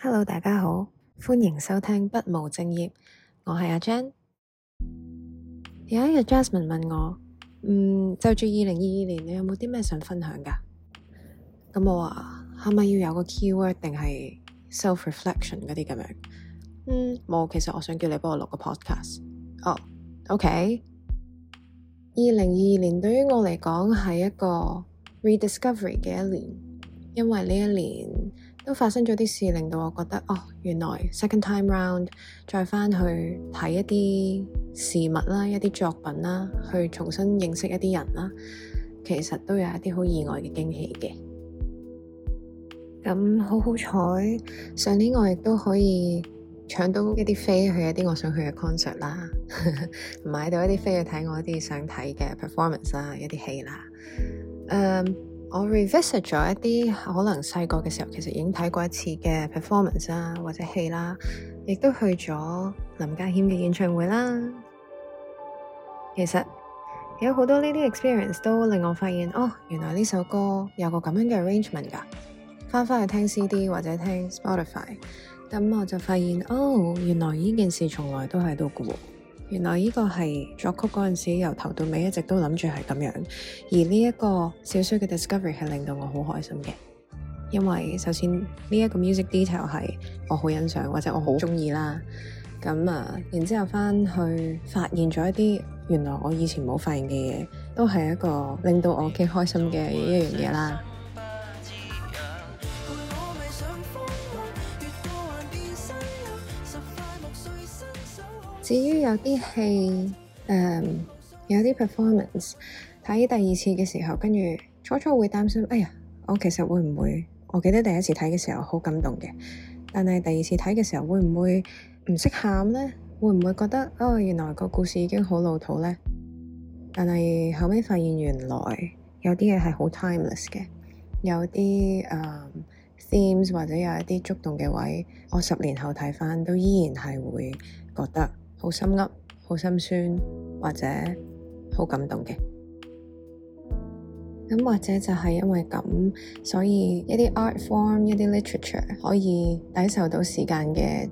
hello，大家好，歡迎收聽不務正業，我係阿 Gen。有一日，Jasmine 問我，嗯，就住二零二二年，你有冇啲咩想分享噶？咁我話係咪要有個 keyword 定係 self reflection 嗰啲咁樣？嗯，冇，其實我想叫你幫我錄個 podcast。哦，OK。二零二二年對於我嚟講係一個 rediscovery 嘅一年，因為呢一年。都發生咗啲事，令到我覺得哦，原來 second time round 再翻去睇一啲事物啦，一啲作品啦，去重新認識一啲人啦，其實都有一啲好意外嘅驚喜嘅。咁、嗯、好好彩，上年我亦都可以搶到一啲飛去一啲我想去嘅 concert 啦， 買到一啲飛去睇我一啲想睇嘅 performance 啦，一啲戲啦，誒、um。我 revisit 咗一啲可能細個嘅時候其實已經睇過一次嘅 performance 啊，或者戲啦，亦都去咗林家謙嘅演唱會啦。其實有好多呢啲 experience 都令我發現哦，原來呢首歌有個咁樣嘅 arrangement 噶、啊，翻翻去聽 CD 或者聽 Spotify，咁我就發現哦，原來呢件事從來都喺度喎。原來呢個係作曲嗰陣時由頭到尾一直都諗住係咁樣，而呢一個小小嘅 discovery 係令到我好開心嘅，因為首先呢一個 music detail 係我好欣賞或者我好中意啦，咁啊，然之後翻去發現咗一啲原來我以前冇發現嘅嘢，都係一個令到我幾開心嘅一樣嘢啦。至於有啲戲，誒、um，有啲 performance 睇第二次嘅時候，跟住初初會擔心，哎呀，我其實會唔會？我記得第一次睇嘅時候好感動嘅，但係第二次睇嘅時候會唔會唔識喊呢？會唔會覺得，哦，原來個故事已經好老土呢？但係後尾發現原來有啲嘢係好 timeless 嘅，有啲誒、um，themes 或者有一啲觸動嘅位，我十年後睇返都依然係會覺得，好心悒、好心酸或者好感動嘅，咁、嗯、或者就係因為咁，所以一啲 art form、一啲 literature 可以抵受到時間嘅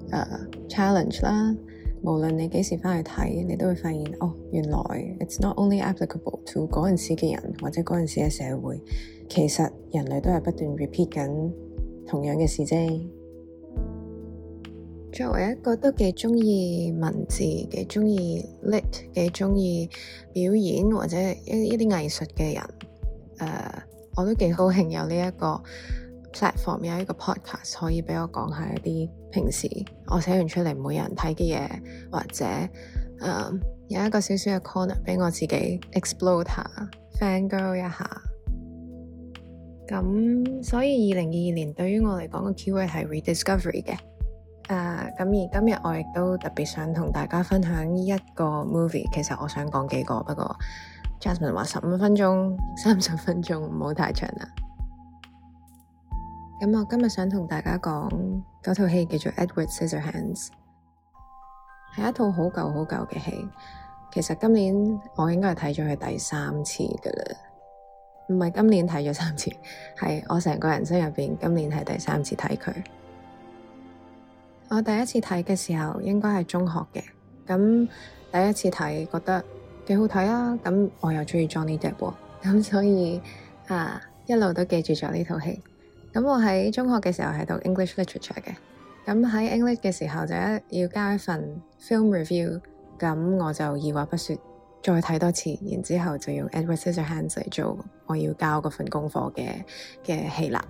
誒 challenge 啦。無論你幾時翻去睇，你都會發現哦，原來 it's not only applicable to 嗰陣時嘅人或者嗰陣時嘅社會，其實人類都係不斷 repeat 緊同樣嘅事啫。作為一個都幾中意文字、幾中意 lit、幾中意表演或者一一啲藝術嘅人，誒、uh，我都幾高興有呢一個 platform，有一個 podcast 可以俾我講下一啲平時我寫完出嚟冇人睇嘅嘢，或者誒、uh, 有一個少少嘅 corner 俾我自己 explore 下、fan girl 一下。咁所以二零二二年對於我嚟講個 q 位 e 係 rediscovery 嘅。誒，咁、uh, 而今日我亦都特別想同大家分享一個 movie。其實我想講幾個，不過 Jasmine 話十五分鐘、三十分鐘唔好太長啦。咁我今日想同大家講嗰套戲叫做 Edward Scissorhands，係一套好舊好舊嘅戲。其實今年我應該係睇咗佢第三次㗎喇，唔係今年睇咗三次，係我成個人生入邊今年係第三次睇佢。我第一次睇嘅時候應該係中學嘅，咁第一次睇覺得幾好睇啊！咁我又中意 Johnny Depp 喎、啊，咁所以啊一路都記住咗呢套戲。咁我喺中學嘅時候係讀 English literature 嘅，咁喺 English 嘅時候就一要交一份 film review，咁我就二話不說再睇多次，然之後就用《Edward Scissorhands》嚟做我要交嗰份功課嘅嘅戲啦。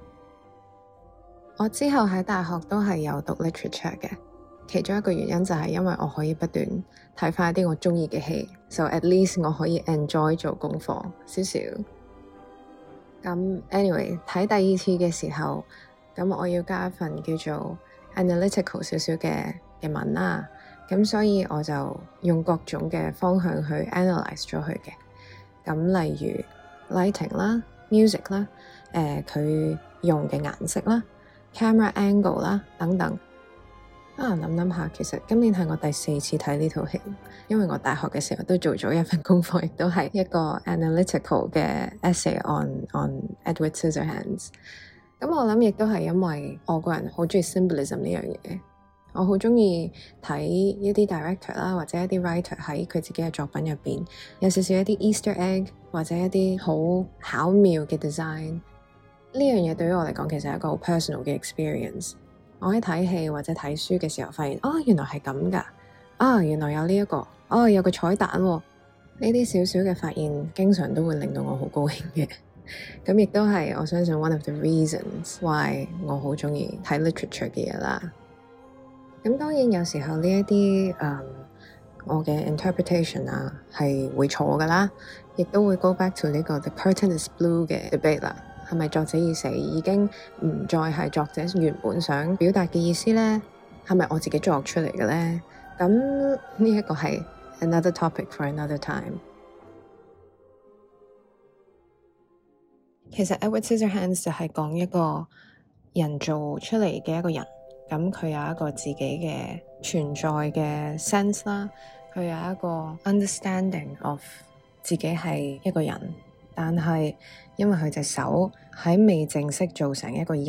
我之後喺大學都係有讀 literature 嘅，其中一個原因就係因為我可以不斷睇返一啲我鍾意嘅戲，so at least 我可以 enjoy 做功課少少。咁 anyway 睇第二次嘅時候，咁我要加一份叫做 analytical 少少嘅嘅文啦。咁所以我就用各種嘅方向去 analyse 咗佢嘅，咁例如 lighting 啦、music 啦，誒、呃、佢用嘅顏色啦。Camera angle 啦，等等。啊，諗諗下，其實今年係我第四次睇呢套戲，因為我大學嘅時候都做咗一份功課，亦都係一個 analytical 嘅 essay on on Edward Scissorhands。咁、嗯、我諗亦都係因為我個人好中意 symbolism 呢樣嘢，我好中意睇一啲 director 啦，或者一啲 writer 喺佢自己嘅作品入邊有少少一啲 easter egg 或者一啲好巧妙嘅 design。呢樣嘢對於我嚟講，其實係一個好 personal 嘅 experience。我喺睇戲或者睇書嘅時候，發現哦，oh, 原來係咁噶，啊、oh,，原來有呢、這、一個，哦、oh,，有個彩蛋、哦。呢啲少少嘅發現，經常都會令到我好高興嘅。咁 亦都係，我相信 one of the reasons why 我好中意睇 literature 嘅嘢啦。咁當然，有時候呢一啲我嘅 interpretation 啊，係會錯噶啦，亦都會 go back to 呢個 the curtain is blue 嘅 debate 啦。係咪作者已死，已經唔再係作者原本想表達嘅意思咧？係咪我自己作出嚟嘅咧？咁呢一個係 another topic for another time。其實 Edward Scissorhands 就係講一個人做出嚟嘅一個人，咁佢有一個自己嘅存在嘅 sense 啦，佢有一個 understanding of 自己係一個人。但係，因為佢隻手喺未正式做成一個人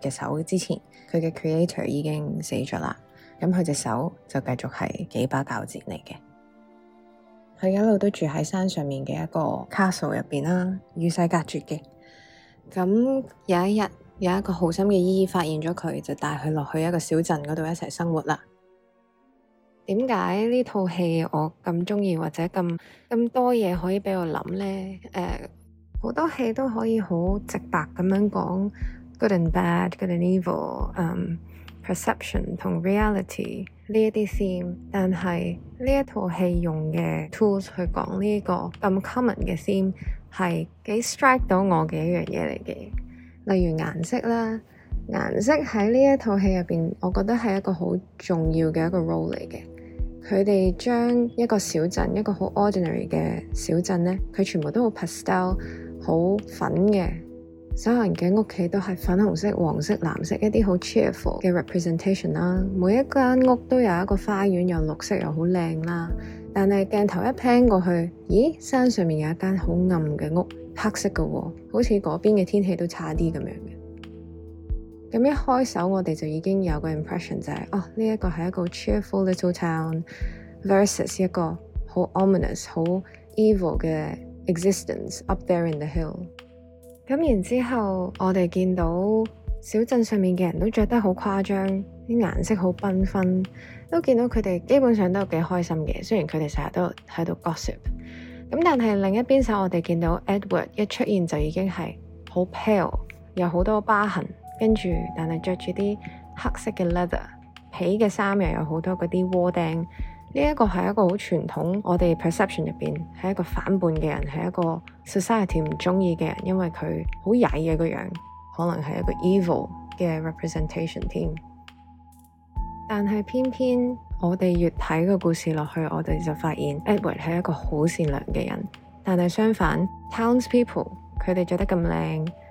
嘅手之前，佢嘅 creator 已經死咗啦。咁佢隻手就繼續係幾把鉸剪嚟嘅。佢一路都住喺山上面嘅一個 castle 入面啦，與世隔絕嘅。咁有一日，有一個好心嘅姨姨發現咗佢，就帶佢落去一個小鎮嗰度一齊生活啦。點解呢套戲我咁中意，或者咁咁多嘢，可以俾我諗呢？誒，好多戲都可以好直白咁樣講 good and bad，good and evil，嗯，perception 同 reality 呢一啲 theme，但係呢一套戲用嘅 tools 去講呢個咁 common 嘅 theme 係幾 strike 到我嘅一樣嘢嚟嘅，例如顏色啦。顏色喺呢一套戲入邊，我覺得係一個好重要嘅一個 role 嚟嘅。佢哋將一個小鎮，一個好 ordinary 嘅小鎮呢，佢全部都好 pastel，好粉嘅。所有人嘅屋企都係粉紅色、黃色、藍色，一啲好 cheerful 嘅 representation 啦。每一間屋都有一個花園，又綠色又好靚啦。但係鏡頭一 pan 過去，咦，山上面有一間好暗嘅屋，黑色嘅、哦，好似嗰邊嘅天氣都差啲咁樣嘅。咁一開手，我哋就已經有個 impression 就係、是、哦，呢一個係一個 cheerful little town，versus 一個好 ominous 好 evil 嘅 existence up there in the hill。咁然之後，我哋見到小鎮上面嘅人都著得好誇張，啲顏色好繽紛，都見到佢哋基本上都幾開心嘅，雖然佢哋成日都喺度 gossip。咁但係另一邊手，我哋見到 Edward 一出現就已經係好 pale，有好多疤痕。跟住，但係着住啲黑色嘅 leather 皮嘅衫，又有好多嗰啲窩釘。呢一個係一個好傳統，我哋 perception 入邊係一個反叛嘅人，係一個 society 唔中意嘅人，因為佢好曳嘅個樣，可能係一個 evil 嘅 representation 添。但係偏偏我哋越睇個故事落去，我哋就發現 Edward 係一個好善良嘅人。但係相反，townspeople 佢哋着得咁靚。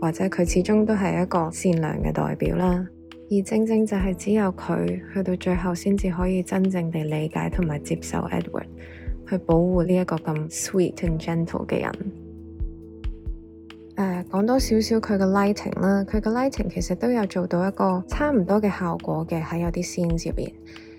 或者佢始終都係一個善良嘅代表啦，而正正就係只有佢去到最後，先至可以真正地理解同埋接受 Edward 去保護呢一個咁 sweet and gentle 嘅人。誒，uh，講多少少佢嘅 lighting 啦，佢嘅 lighting 其實都有做到一個差唔多嘅效果嘅，喺有啲 scenes 入邊，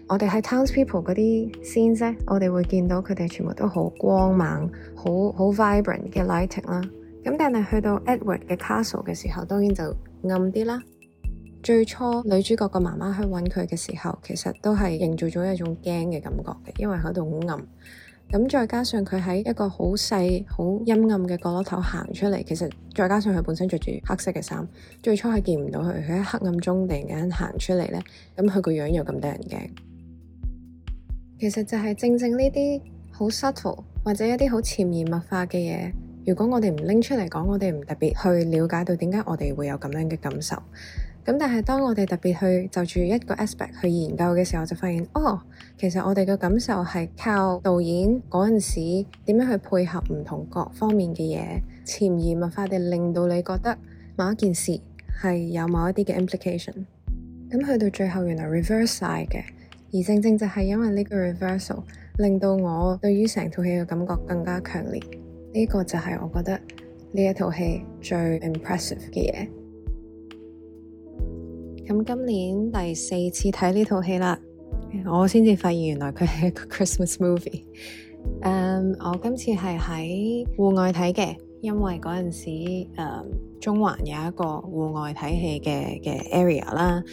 我哋喺 townspeople 嗰啲 scenes 咧，我哋會見到佢哋全部都好光猛，好好 vibrant 嘅 lighting 啦。咁但係去到 Edward 嘅 Castle 嘅時候，當然就暗啲啦。最初女主角個媽媽去揾佢嘅時候，其實都係營造咗一種驚嘅感覺嘅，因為喺度好暗。咁再加上佢喺一個好細、好陰暗嘅角落頭行出嚟，其實再加上佢本身着住黑色嘅衫，最初係見唔到佢。佢喺黑暗中突然間行出嚟呢，咁佢個樣又咁得人驚。其實就係正正呢啲好 subtle 或者一啲好潛移默化嘅嘢。如果我哋唔拎出嚟講，我哋唔特別去了解到點解我哋會有咁樣嘅感受。咁但係當我哋特別去就住一個 aspect 去研究嘅時候，就發現哦，其實我哋嘅感受係靠導演嗰陣時點樣去配合唔同各方面嘅嘢，潛移默化地令到你覺得某一件事係有某一啲嘅 implication。咁去到最後，原來 reverse 晒嘅，而正正就係因為呢個 reversal，令到我對於成套戲嘅感覺更加強烈。呢個就係我覺得呢一套戲最 impressive 嘅嘢。咁今年第四次睇呢套戲啦，我先至發現原來佢係一個 Christmas movie。誒、 um,，我今次係喺戶外睇嘅，因為嗰陣時、um, 中環有一個戶外睇戲嘅嘅 area 啦。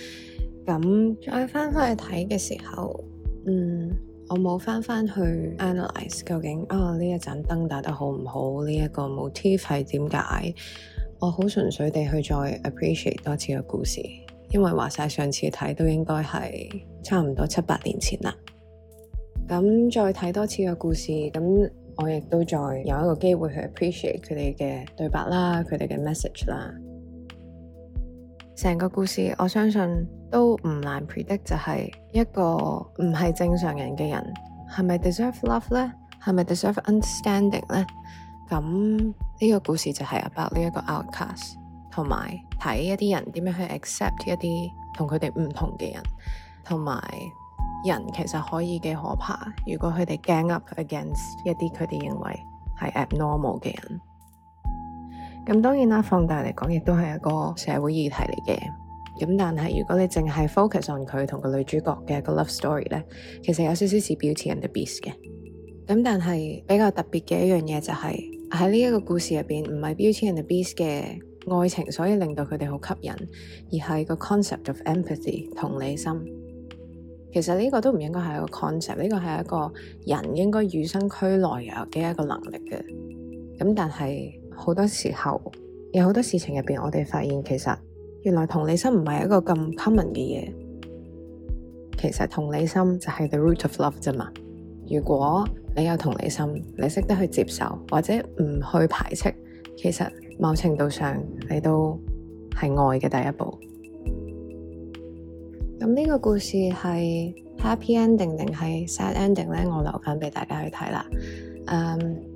咁再翻返去睇嘅時候，嗯。我冇翻翻去 analyze 究竟啊呢、哦、一盞燈打得好唔好？呢、這、一個 motif 係點解？我好純粹地去再 appreciate 多次嘅故事，因為話晒上次睇都應該係差唔多七八年前啦。咁再睇多次嘅故事，咁我亦都再有一個機會去 appreciate 佢哋嘅對白啦，佢哋嘅 message 啦。成個故事我相信都唔難 predict，就係一個唔係正常人嘅人，係咪 deserve love 呢？係咪 deserve understanding 呢？咁呢個故事就係 about 呢一個 outcast，同埋睇一啲人點樣去 accept 一啲同佢哋唔同嘅人，同埋人其實可以幾可怕，如果佢哋 gang up against 一啲佢哋認為係 abnormal 嘅人。咁當然啦，放大嚟講，亦都係一個社會議題嚟嘅。咁但係如果你淨係 focus on 佢同個女主角嘅個 love story 呢，其實有少少似 Beauty and the Beast 嘅。咁但係比較特別嘅一樣嘢就係喺呢一個故事入面唔係 Beauty and the Beast 嘅愛情，所以令到佢哋好吸引，而係個 concept of empathy 同理心。其實呢個都唔應該係一個 concept，呢個係一個人應該與生俱來嘅一個能力嘅。咁但係。好多時候，有好多事情入邊，我哋發現其實原來同理心唔係一個咁 common 嘅嘢。其實同理心就係 the root of love 啫嘛。如果你有同理心，你識得去接受或者唔去排斥，其實某程度上你都係愛嘅第一步。咁呢個故事係 happy ending 定係 sad ending 呢？我留翻俾大家去睇啦。嗯、um。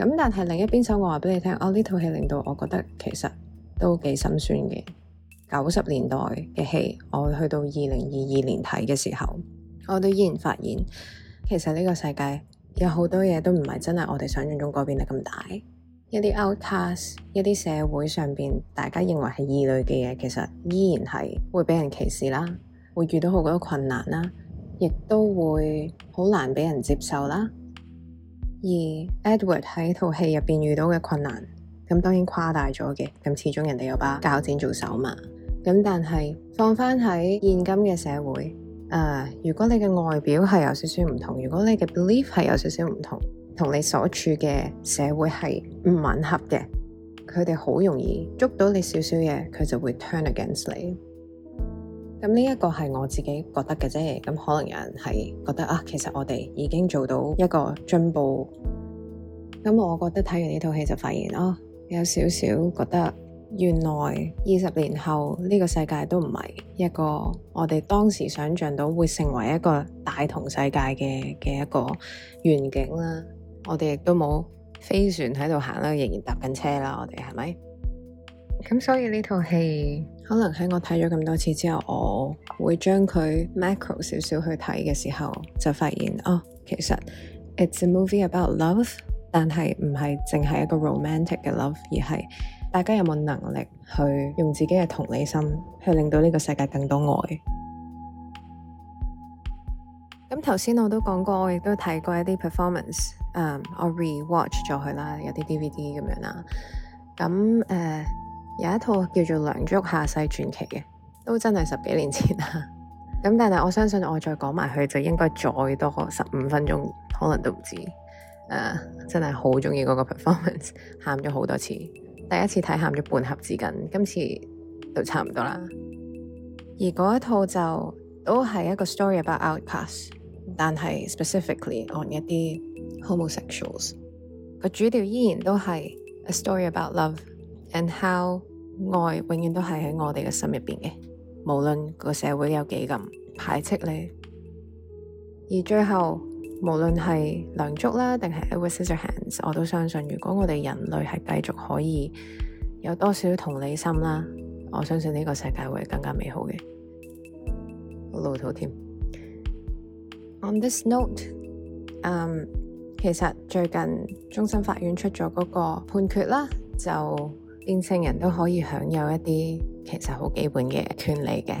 咁但係另一邊手，我話俾你聽，哦，呢套戲令到我覺得其實都幾心酸嘅九十年代嘅戲，我去到二零二二年睇嘅時候，我都依然發現其實呢個世界有好多嘢都唔係真係我哋想象中改變得咁大。一啲 outcast，一啲社會上邊大家認為係異類嘅嘢，其實依然係會俾人歧視啦，會遇到好多困難啦，亦都會好難俾人接受啦。而 Edward 喺套戲入面遇到嘅困難，咁當然誇大咗嘅。咁始終人哋有把鉸剪做手嘛。咁但係放翻喺現今嘅社會，呃，如果你嘅外表係有少少唔同，如果你嘅 belief 係有少少唔同，同你所處嘅社會係唔吻合嘅，佢哋好容易捉到你少少嘢，佢就會 turn against 你。咁呢一個係我自己覺得嘅啫，咁可能有人係覺得啊，其實我哋已經做到一個進步。咁、嗯、我覺得睇完呢套戲就發現啊，有少少覺得原來二十年後呢、這個世界都唔係一個我哋當時想象到會成為一個大同世界嘅嘅一個願景啦。我哋亦都冇飛船喺度行啦，仍然搭緊車啦，我哋係咪？咁所以呢套戲。可能喺我睇咗咁多次之後，我會將佢 m a c r o macro 少少去睇嘅時候，就發現哦，oh, 其實 it's a movie about love，但係唔係淨係一個 romantic 嘅 love，而係大家有冇能力去用自己嘅同理心去令到呢個世界更多愛。咁頭先我都講過，我亦都睇過一啲 performance，、um, 我 rewatch 咗佢啦，有啲 DVD 咁樣啦、啊，咁誒。Uh, 有一套叫做《梁祝下世傳奇》嘅，都真係十幾年前啦。咁 但係我相信我再講埋佢就應該再多十五分鐘，可能都唔止。誒、uh,，真係好中意嗰個 performance，喊咗好多次。第一次睇喊咗半盒紙巾，今次都差唔多啦。而嗰一套就都係一個 story about outcasts，但係 specifically on 一啲 homosexuals。個主調依然都係 a story about love。And how 愛永遠都係喺我哋嘅心入邊嘅，無論個社會有幾咁排斥你。而最後，無論係梁祝啦，定係 Edward Scissorhands，我都相信，如果我哋人類係繼續可以有多少同理心啦，我相信呢個世界會更加美好嘅。好老土添。On this note，嗯、um,，其實最近終審法院出咗嗰個判決啦，就。變性人都可以享有一啲其實好基本嘅權利嘅。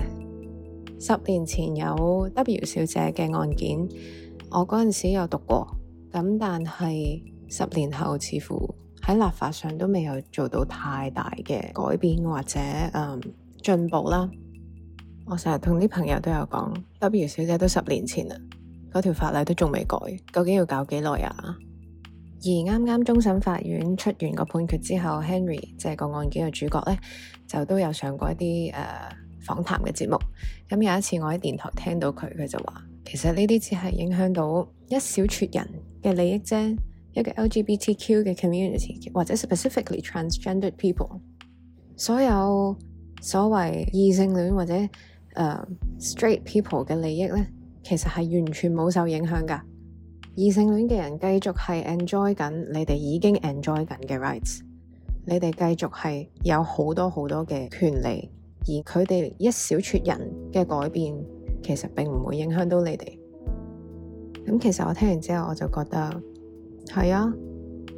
十年前有 W 小姐嘅案件，我嗰陣時有讀過，咁但係十年後似乎喺立法上都未有做到太大嘅改變或者誒、嗯、進步啦。我成日同啲朋友都有講，W 小姐都十年前啦，嗰條法例都仲未改，究竟要搞幾耐啊？而啱啱中審終審法院出完個判決之後，Henry 即係個案件嘅主角呢就都有上過一啲誒、uh, 訪談嘅節目。咁有一次我喺電台聽到佢，佢就話：其實呢啲只係影響到一小撮人嘅利益啫，一個 LGBTQ 嘅 community 或者 specifically transgendered people，所有所謂異性戀或者、uh, straight people 嘅利益呢，其實係完全冇受影響㗎。異性戀嘅人繼續係 enjoy 緊，你哋已經 enjoy 緊嘅 rights，你哋繼續係有好多好多嘅權利，而佢哋一小撮人嘅改變，其實並唔會影響到你哋。咁其實我聽完之後，我就覺得係啊，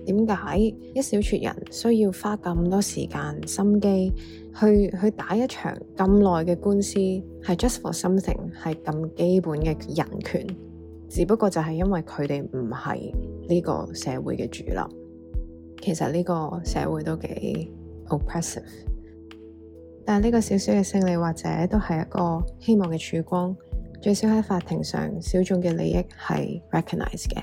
點解一小撮人需要花咁多時間心機去去打一場咁耐嘅官司，係 just for something，係咁基本嘅人權？只不過就係因為佢哋唔係呢個社會嘅主流。其實呢個社會都幾 oppressive。但係呢個小小嘅勝利或者都係一個希望嘅曙光，最少喺法庭上小眾嘅利益係 recognize 嘅。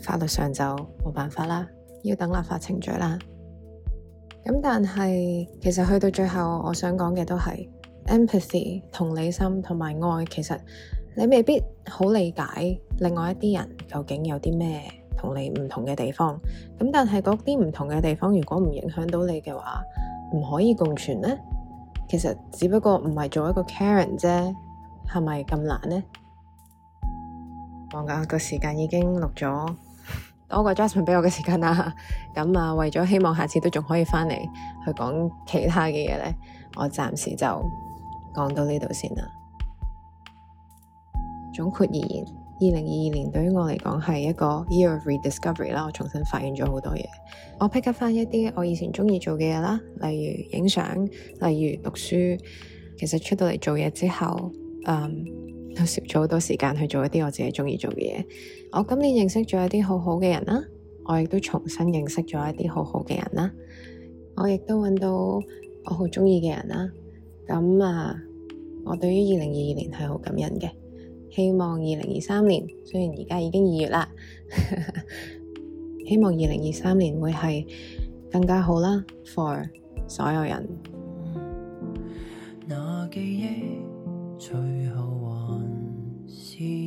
法律上就冇辦法啦，要等立法程序啦。咁但係其實去到最後，我想講嘅都係 empathy 同理心同埋愛，其實。你未必好理解另外一啲人究竟有啲咩同你唔同嘅地方，咁但係嗰啲唔同嘅地方如果唔影響到你嘅話，唔可以共存呢？其實只不過唔係做一個 Karen 啫，係咪咁難呢？講緊個時間已經錄咗多過 Jasmine 俾我嘅時間啦，咁 啊為咗希望下次都仲可以翻嚟去講其他嘅嘢咧，我暫時就講到呢度先啦。總括而言，二零二二年對於我嚟講係一個 year of rediscovery 啦。我重新發現咗好多嘢。我 pick up 翻一啲我以前中意做嘅嘢啦，例如影相，例如讀書。其實出到嚟做嘢之後，嗯，都少咗好多時間去做一啲我自己中意做嘅嘢。我今年認識咗一啲好好嘅人啦，我亦都重新認識咗一啲好好嘅人啦。我亦都搵到我好中意嘅人啦。咁啊，我對於二零二二年係好感恩嘅。希望二零二三年，雖然而家已經二月啦， 希望二零二三年會係更加好啦，for 所有人。那記憶最後還是。